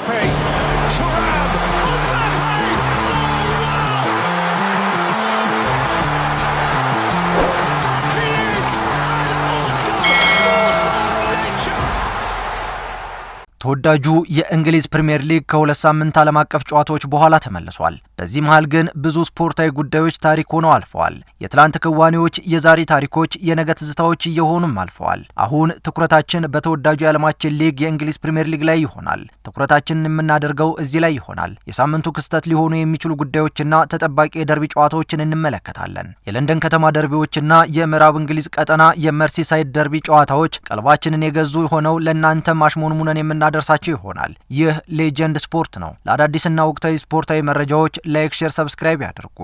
Mbappe. ተወዳጁ የእንግሊዝ ፕሪምየር ሊግ ከሁለት ሳምንት ዓለም አቀፍ ጨዋታዎች በኋላ ተመልሷል። በዚህ መሃል ግን ብዙ ስፖርታዊ ጉዳዮች ታሪክ ሆነው አልፈዋል። የትላንት ክዋኔዎች፣ የዛሬ ታሪኮች፣ የነገ ትዝታዎች እየሆኑም አልፈዋል። አሁን ትኩረታችን በተወዳጁ የዓለማችን ሊግ የእንግሊዝ ፕሪምየር ሊግ ላይ ይሆናል። ትኩረታችንን የምናደርገው እዚህ ላይ ይሆናል። የሳምንቱ ክስተት ሊሆኑ የሚችሉ ጉዳዮችና ተጠባቂ የደርቢ ጨዋታዎችን እንመለከታለን። የለንደን ከተማ ደርቢዎችና የምዕራብ እንግሊዝ ቀጠና የመርሲሳይድ ደርቢ ጨዋታዎች ቀልባችንን የገዙ ሆነው ለእናንተ ማሽሞንሙነን የምና የምናደርሳችሁ ይሆናል። ይህ ሌጀንድ ስፖርት ነው። ለአዳዲስና ወቅታዊ ስፖርታዊ መረጃዎች ላይክ፣ ሼር፣ ሰብስክራይብ ያድርጉ።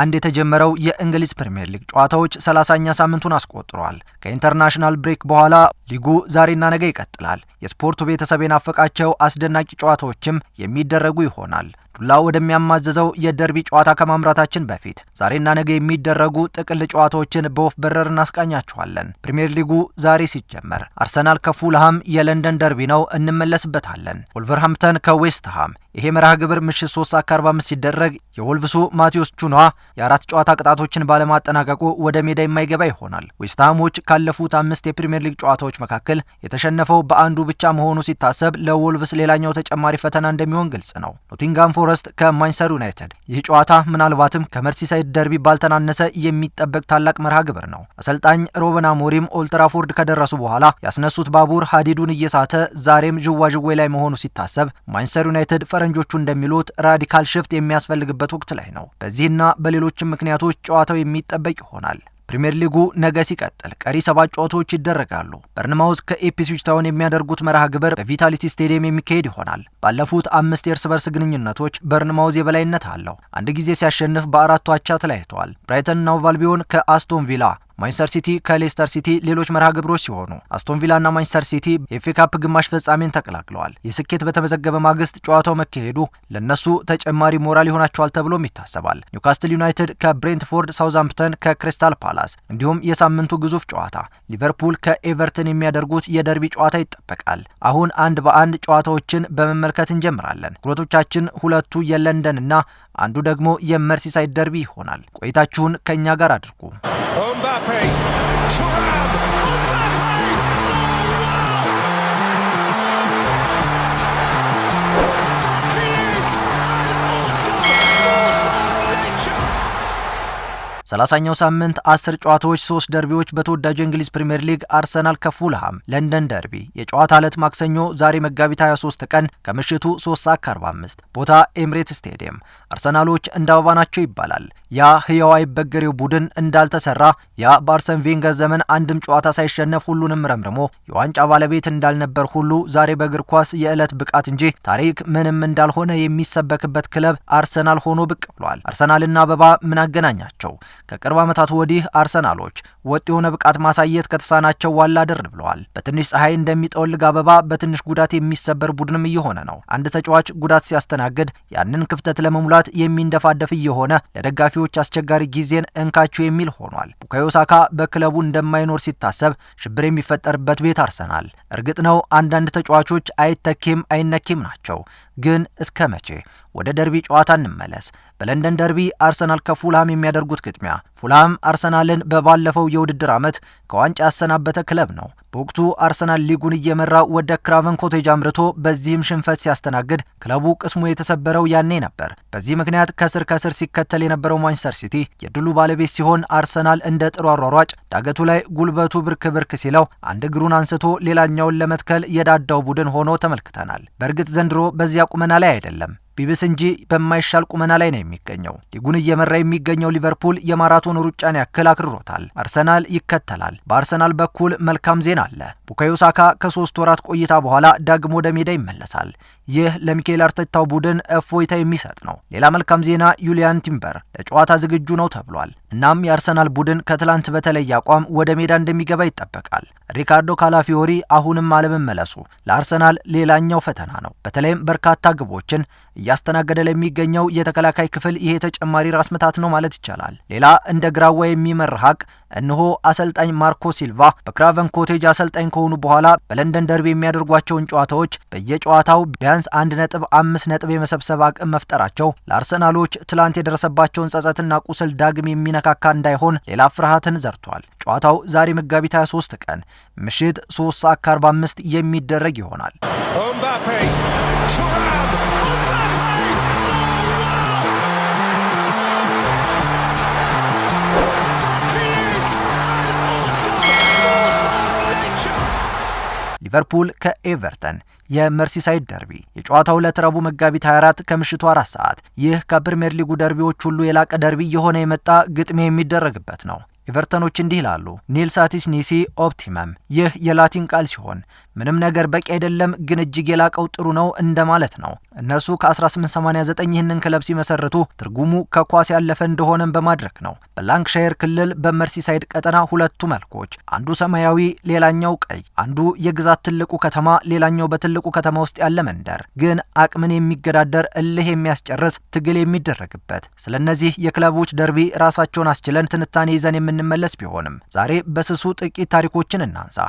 አንድ የተጀመረው የእንግሊዝ ፕሪምየር ሊግ ጨዋታዎች ሰላሳኛ ሳምንቱን አስቆጥሯል። ከኢንተርናሽናል ብሬክ በኋላ ሊጉ ዛሬና ነገ ይቀጥላል። የስፖርቱ ቤተሰብ የናፈቃቸው አስደናቂ ጨዋታዎችም የሚደረጉ ይሆናል። ዱላ ወደሚያማዘዘው የደርቢ ጨዋታ ከማምራታችን በፊት ዛሬና ነገ የሚደረጉ ጥቅል ጨዋታዎችን በወፍ በረር እናስቃኛችኋለን። ፕሪምየር ሊጉ ዛሬ ሲጀመር አርሰናል ከፉልሃም የለንደን ደርቢ ነው፣ እንመለስበታለን። ወልቨርሃምፕተን ከዌስትሃም ይሄ መርሃ ግብር ምሽት 3 ሰዓት ከ45 ሲደረግ የወልቭሱ ማቴዎስ ቹኗ የአራት ጨዋታ ቅጣቶችን ባለማጠናቀቁ ወደ ሜዳ የማይገባ ይሆናል። ዌስትሃሞች ካለፉት አምስት የፕሪምየር ሊግ ጨዋታዎች መካከል የተሸነፈው በአንዱ ብቻ መሆኑ ሲታሰብ ለወልቭስ ሌላኛው ተጨማሪ ፈተና እንደሚሆን ግልጽ ነው። ኖቲንጋም ፎረስት ከማንቸስተር ዩናይትድ፣ ይህ ጨዋታ ምናልባትም ከመርሲሳይድ ደርቢ ባልተናነሰ የሚጠበቅ ታላቅ መርሃ ግብር ነው። አሰልጣኝ ሮበን አሞሪም ኦልትራፎርድ ከደረሱ በኋላ ያስነሱት ባቡር ሀዲዱን እየሳተ ዛሬም ዥዋዥዌ ላይ መሆኑ ሲታሰብ ማንቸስተር ዩናይትድ ፈረንጆቹ እንደሚሉት ራዲካል ሽፍት የሚያስፈልግበት ወቅት ላይ ነው። በዚህና በሌሎችም ምክንያቶች ጨዋታው የሚጠበቅ ይሆናል። ፕሪምየር ሊጉ ነገ ሲቀጥል ቀሪ ሰባት ጨዋታዎች ይደረጋሉ። በርንማውዝ ከኢፕስዊች ታውን የሚያደርጉት መርሃ ግብር በቪታሊቲ ስቴዲየም የሚካሄድ ይሆናል። ባለፉት አምስት የእርስ በርስ ግንኙነቶች በርንማውዝ የበላይነት አለው። አንድ ጊዜ ሲያሸንፍ በአራቱ አቻ ተለያይተዋል። ብራይተንና ሆቭ አልቢዮን ከአስቶን ቪላ ማንቸስተር ሲቲ ከሌስተር ሲቲ ሌሎች መርሃ ግብሮች ሲሆኑ አስቶን ቪላና ማንቸስተር ሲቲ የኤፍ ካፕ ግማሽ ፍጻሜን ተቀላቅለዋል። ይህ ስኬት በተመዘገበ ማግስት ጨዋታው መካሄዱ ለእነሱ ተጨማሪ ሞራል ይሆናቸዋል ተብሎም ይታሰባል። ኒውካስትል ዩናይትድ ከብሬንትፎርድ፣ ሳውዝሃምፕተን ከክሪስታል ፓላስ እንዲሁም የሳምንቱ ግዙፍ ጨዋታ ሊቨርፑል ከኤቨርተን የሚያደርጉት የደርቢ ጨዋታ ይጠበቃል። አሁን አንድ በአንድ ጨዋታዎችን በመመልከት እንጀምራለን። ትኩረቶቻችን ሁለቱ ና አንዱ ደግሞ የመርሲሳይድ ደርቢ ይሆናል። ቆይታችሁን ከእኛ ጋር አድርጉ። ሰላሳኛው ሳምንት አስር ጨዋታዎች ሶስት ደርቢዎች በተወዳጁ እንግሊዝ ፕሪምየር ሊግ አርሰናል ከፉልሃም ለንደን ደርቢ የጨዋታ ዕለት ማክሰኞ ዛሬ መጋቢት 23 ቀን ከምሽቱ 3 ሰዓት 45 ቦታ ኤምሬት ስቴዲየም። አርሰናሎች እንደ አበባ ናቸው ይባላል። ያ ህያው አይበገሬው ቡድን እንዳልተሰራ፣ ያ በአርሰን ቬንገር ዘመን አንድም ጨዋታ ሳይሸነፍ ሁሉንም ረምርሞ የዋንጫ ባለቤት እንዳልነበር ሁሉ ዛሬ በእግር ኳስ የዕለት ብቃት እንጂ ታሪክ ምንም እንዳልሆነ የሚሰበክበት ክለብ አርሰናል ሆኖ ብቅ ብሏል። አርሰናልና አበባ ምን አገናኛቸው? ከቅርብ ዓመታት ወዲህ አርሰናሎች ወጥ የሆነ ብቃት ማሳየት ከተሳናቸው ዋላ ድር ብለዋል። በትንሽ ፀሐይ እንደሚጠወልግ አበባ በትንሽ ጉዳት የሚሰበር ቡድንም እየሆነ ነው። አንድ ተጫዋች ጉዳት ሲያስተናግድ ያንን ክፍተት ለመሙላት የሚንደፋደፍ እየሆነ ለደጋፊዎች አስቸጋሪ ጊዜን እንካችሁ የሚል ሆኗል። ቡካዮ ሳካ በክለቡ እንደማይኖር ሲታሰብ ሽብር የሚፈጠርበት ቤት አርሰናል። እርግጥ ነው አንዳንድ ተጫዋቾች አይተኪም አይነኪም ናቸው። ግን እስከ መቼ? ወደ ደርቢ ጨዋታ እንመለስ። በለንደን ደርቢ አርሰናል ከፉልሃም የሚያደርጉት ግጥሚያ ፉላም አርሰናልን በባለፈው የውድድር ዓመት ከዋንጫ ያሰናበተ ክለብ ነው። በወቅቱ አርሰናል ሊጉን እየመራ ወደ ክራቨን ኮቴጅ አምርቶ በዚህም ሽንፈት ሲያስተናግድ ክለቡ ቅስሙ የተሰበረው ያኔ ነበር። በዚህ ምክንያት ከስር ከስር ሲከተል የነበረው ማንቸስተር ሲቲ የድሉ ባለቤት ሲሆን፣ አርሰናል እንደ ጥሩ አሯሯጭ ዳገቱ ላይ ጉልበቱ ብርክ ብርክ ሲለው አንድ እግሩን አንስቶ ሌላኛውን ለመትከል የዳዳው ቡድን ሆኖ ተመልክተናል። በእርግጥ ዘንድሮ በዚያ ቁመና ላይ አይደለም። ቢብስ እንጂ በማይሻል ቁመና ላይ ነው የሚገኘው። ሊጉን እየመራ የሚገኘው ሊቨርፑል የማራቶን ሩጫን ያክል አክርሮታል። አርሰናል ይከተላል። በአርሰናል በኩል መልካም ዜና አለ። ቡካዮ ሳካ ከሶስት ወራት ቆይታ በኋላ ዳግሞ ወደ ሜዳ ይመለሳል። ይህ ለሚካኤል አርተታው ቡድን እፎይታ የሚሰጥ ነው። ሌላ መልካም ዜና ዩሊያን ቲምበር ለጨዋታ ዝግጁ ነው ተብሏል። እናም የአርሰናል ቡድን ከትላንት በተለየ አቋም ወደ ሜዳ እንደሚገባ ይጠበቃል። ሪካርዶ ካላፊዮሪ አሁንም አለመመለሱ ለአርሰናል ሌላኛው ፈተና ነው። በተለይም በርካታ ግቦችን እያስተናገደ ለሚገኘው የተከላካይ ክፍል ይሄ ተጨማሪ ራስ ምታት ነው ማለት ይቻላል። ሌላ እንደ ግራዋ የሚመር ሀቅ እነሆ አሰልጣኝ ማርኮ ሲልቫ በክራቨን ኮቴጅ አሰልጣኝ ከሆኑ በኋላ በለንደን ደርቢ የሚያደርጓቸውን ጨዋታዎች በየጨዋታው ቢያንስ አንድ ነጥብ አምስት ነጥብ የመሰብሰብ አቅም መፍጠራቸው ለአርሰናሎች ትላንት የደረሰባቸውን ጸጸትና ቁስል ዳግም የሚነካካ እንዳይሆን ሌላ ፍርሃትን ዘርቷል። ጨዋታው ዛሬ መጋቢት 23 ቀን ምሽት 3 ሰዓት ከ45 የሚደረግ ይሆናል። ሊቨርፑል ከኤቨርተን የመርሲሳይድ ደርቢ የጨዋታው ዕለት ረቡዕ መጋቢት 24 ከምሽቱ 4 ሰዓት። ይህ ከፕሪምየር ሊጉ ደርቢዎች ሁሉ የላቀ ደርቢ እየሆነ የመጣ ግጥሚያ የሚደረግበት ነው። ኤቨርተኖች እንዲህ ይላሉ። ኒል ሳቲስ ኒሲ ኦፕቲመም። ይህ የላቲን ቃል ሲሆን ምንም ነገር በቂ አይደለም፣ ግን እጅግ የላቀው ጥሩ ነው እንደማለት ነው። እነሱ ከ1889 ይህንን ክለብ ሲመሰርቱ ትርጉሙ ከኳስ ያለፈ እንደሆነም በማድረግ ነው። በላንክሻየር ክልል በመርሲሳይድ ቀጠና ሁለቱ መልኮች፣ አንዱ ሰማያዊ፣ ሌላኛው ቀይ፣ አንዱ የግዛት ትልቁ ከተማ፣ ሌላኛው በትልቁ ከተማ ውስጥ ያለ መንደር፣ ግን አቅምን የሚገዳደር እልህ የሚያስጨርስ ትግል የሚደረግበት። ስለነዚህ የክለቦች ደርቢ ራሳቸውን አስችለን ትንታኔ ይዘን የምንመለስ ቢሆንም ዛሬ በስሱ ጥቂት ታሪኮችን እናንሳ።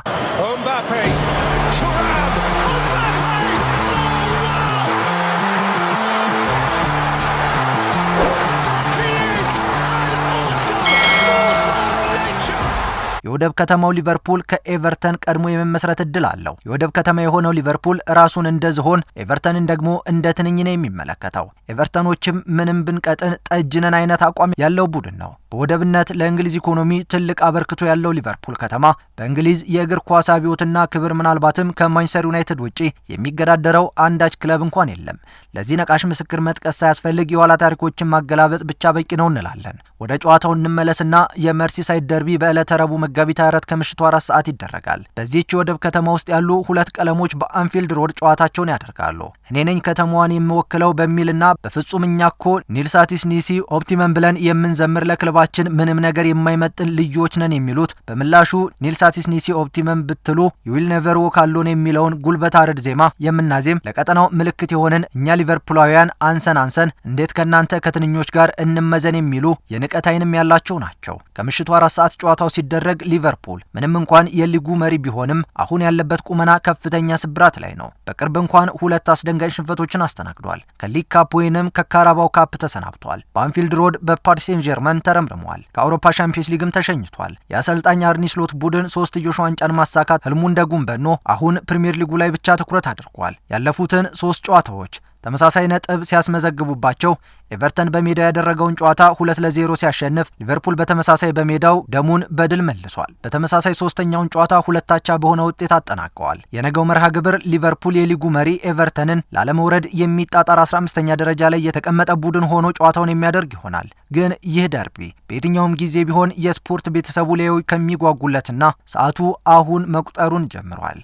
የወደብ ከተማው ሊቨርፑል ከኤቨርተን ቀድሞ የመመስረት እድል አለው። የወደብ ከተማ የሆነው ሊቨርፑል ራሱን እንደ ዝሆን፣ ኤቨርተንን ደግሞ እንደ ትንኝ ነው የሚመለከተው። ኤቨርተኖችም ምንም ብንቀጥን ጠጅነን አይነት አቋም ያለው ቡድን ነው። በወደብነት ለእንግሊዝ ኢኮኖሚ ትልቅ አበርክቶ ያለው ሊቨርፑል ከተማ በእንግሊዝ የእግር ኳስ አብዮትና ክብር ምናልባትም ከማንቸስተር ዩናይትድ ውጪ የሚገዳደረው አንዳች ክለብ እንኳን የለም። ለዚህ ነቃሽ ምስክር መጥቀስ ሳያስፈልግ የኋላ ታሪኮችን ማገላበጥ ብቻ በቂ ነው እንላለን። ወደ ጨዋታው እንመለስና የመርሲሳይድ ደርቢ በዕለተ ረቡዕ መጋቢት አራት ከምሽቱ አራት ሰዓት ይደረጋል። በዚህች ወደብ ከተማ ውስጥ ያሉ ሁለት ቀለሞች በአንፊልድ ሮድ ጨዋታቸውን ያደርጋሉ። እኔ ነኝ ከተማዋን የምወክለው በሚልና በፍጹም እኛ ኮ ኒልሳቲስ ኒሲ ኦፕቲመም ብለን የምንዘምር ለክለባችን ምንም ነገር የማይመጥን ልጆች ነን የሚሉት በምላሹ ኒልሳቲስ ኒሲ ኦፕቲመም ብትሉ ዩዊል ነቨር ወክ አሎን የሚለውን ጉልበት አረድ ዜማ የምናዜም ለቀጠናው ምልክት የሆንን እኛ ሊቨርፑላውያን አንሰን አንሰን እንዴት ከእናንተ ከትንኞች ጋር እንመዘን የሚሉ የንቀት አይንም ያላቸው ናቸው። ከምሽቱ አራት ሰዓት ጨዋታው ሲደረግ ሊቨርፑል ምንም እንኳን የሊጉ መሪ ቢሆንም አሁን ያለበት ቁመና ከፍተኛ ስብራት ላይ ነው። በቅርብ እንኳን ሁለት አስደንጋጭ ሽንፈቶችን አስተናግዷል። ከሊግ ካፕ ወይንም ከካራባው ካፕ ተሰናብቷል። በአንፊልድ ሮድ በፓሪሴን ጀርመን ተረምርሟል። ከአውሮፓ ሻምፒዮንስ ሊግም ተሸኝቷል። የአሰልጣኝ አርኒ ስሎት ቡድን ሶስትዮሽ ዋንጫን ማሳካት ህልሙ እንደ በኖ አሁን ፕሪምየር ሊጉ ላይ ብቻ ትኩረት አድርጓል። ያለፉትን ሶስት ጨዋታዎች ተመሳሳይ ነጥብ ሲያስመዘግቡባቸው ኤቨርተን በሜዳው ያደረገውን ጨዋታ ሁለት ለዜሮ ሲያሸንፍ ሊቨርፑል በተመሳሳይ በሜዳው ደሙን በድል መልሷል። በተመሳሳይ ሶስተኛውን ጨዋታ ሁለታቻ በሆነ ውጤት አጠናቀዋል። የነገው መርሃ ግብር ሊቨርፑል የሊጉ መሪ ኤቨርተንን ላለመውረድ የሚጣጣር 15ኛ ደረጃ ላይ የተቀመጠ ቡድን ሆኖ ጨዋታውን የሚያደርግ ይሆናል። ግን ይህ ደርቢ በየትኛውም ጊዜ ቢሆን የስፖርት ቤተሰቡ ሊያዩ ከሚጓጉለትና ሰዓቱ አሁን መቁጠሩን ጀምሯል።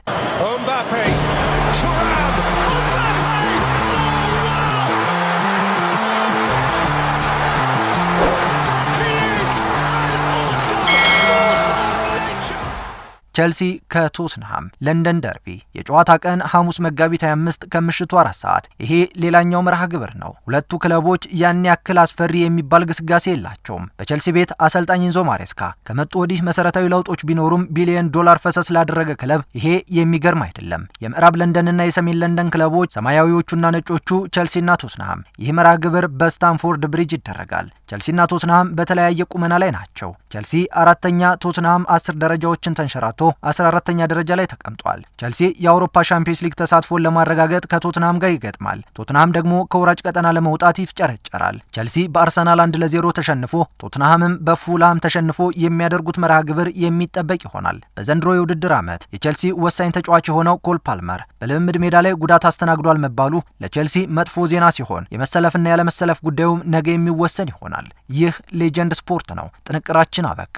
ቼልሲ ከቶትንሃም ለንደን ደርቢ የጨዋታ ቀን ሐሙስ መጋቢት 25 ከምሽቱ አራት ሰዓት። ይሄ ሌላኛው መርሃ ግብር ነው። ሁለቱ ክለቦች ያን ያክል አስፈሪ የሚባል ግስጋሴ የላቸውም። በቼልሲ ቤት አሰልጣኝ ኢንዞ ማሬስካ ከመጡ ወዲህ መሰረታዊ ለውጦች ቢኖሩም ቢሊዮን ዶላር ፈሰስ ላደረገ ክለብ ይሄ የሚገርም አይደለም። የምዕራብ ለንደንና የሰሜን ለንደን ክለቦች ሰማያዊዎቹና ነጮቹ ቼልሲና ቶትንሃም። ይህ መርሃ ግብር በስታንፎርድ ብሪጅ ይደረጋል። ቼልሲና ቶትንሃም በተለያየ ቁመና ላይ ናቸው። ቼልሲ አራተኛ፣ ቶትንሃም አስር ደረጃዎችን ተንሸራቶ 14 ተኛ ደረጃ ላይ ተቀምጧል። ቸልሲ የአውሮፓ ሻምፒየንስ ሊግ ተሳትፎን ለማረጋገጥ ከቶትናም ጋር ይገጥማል። ቶትናም ደግሞ ከወራጭ ቀጠና ለመውጣት ይፍጨረጨራል። ቸልሲ በአርሰናል አንድ ለዜሮ ተሸንፎ ቶትናሃምም በፉላም ተሸንፎ የሚያደርጉት መርሃ ግብር የሚጠበቅ ይሆናል። በዘንድሮ የውድድር ዓመት የቸልሲ ወሳኝ ተጫዋች የሆነው ኮል ፓልመር በልምምድ ሜዳ ላይ ጉዳት አስተናግዷል መባሉ ለቸልሲ መጥፎ ዜና ሲሆን የመሰለፍና ያለመሰለፍ ጉዳዩም ነገ የሚወሰን ይሆናል። ይህ ሌጀንድ ስፖርት ነው። ጥንቅራችን አበቃ።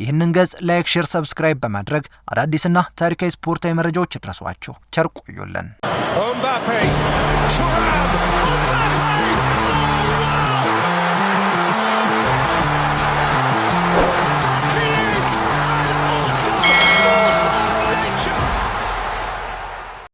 ይህንን ገጽ ላይክ፣ ሼር፣ ሰብስክራይብ በማድረግ አዳዲስና ታሪካዊ ስፖርታዊ መረጃዎች ይድረሷቸው። ቸር ቆዩልን።